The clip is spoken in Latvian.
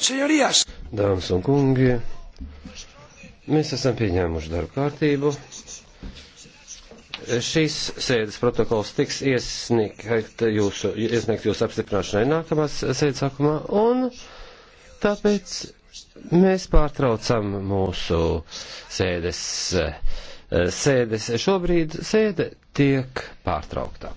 Señorías. Dāmas un kungi, mēs esam pieņēmuši darbu kārtību. Šīs sēdes protokols tiks iesniegt jūsu, iesniegt jūsu apstiprināšanai nākamās sēdes sākumā, un tāpēc mēs pārtraucam mūsu sēdes, sēdes. Šobrīd sēde tiek pārtraukta.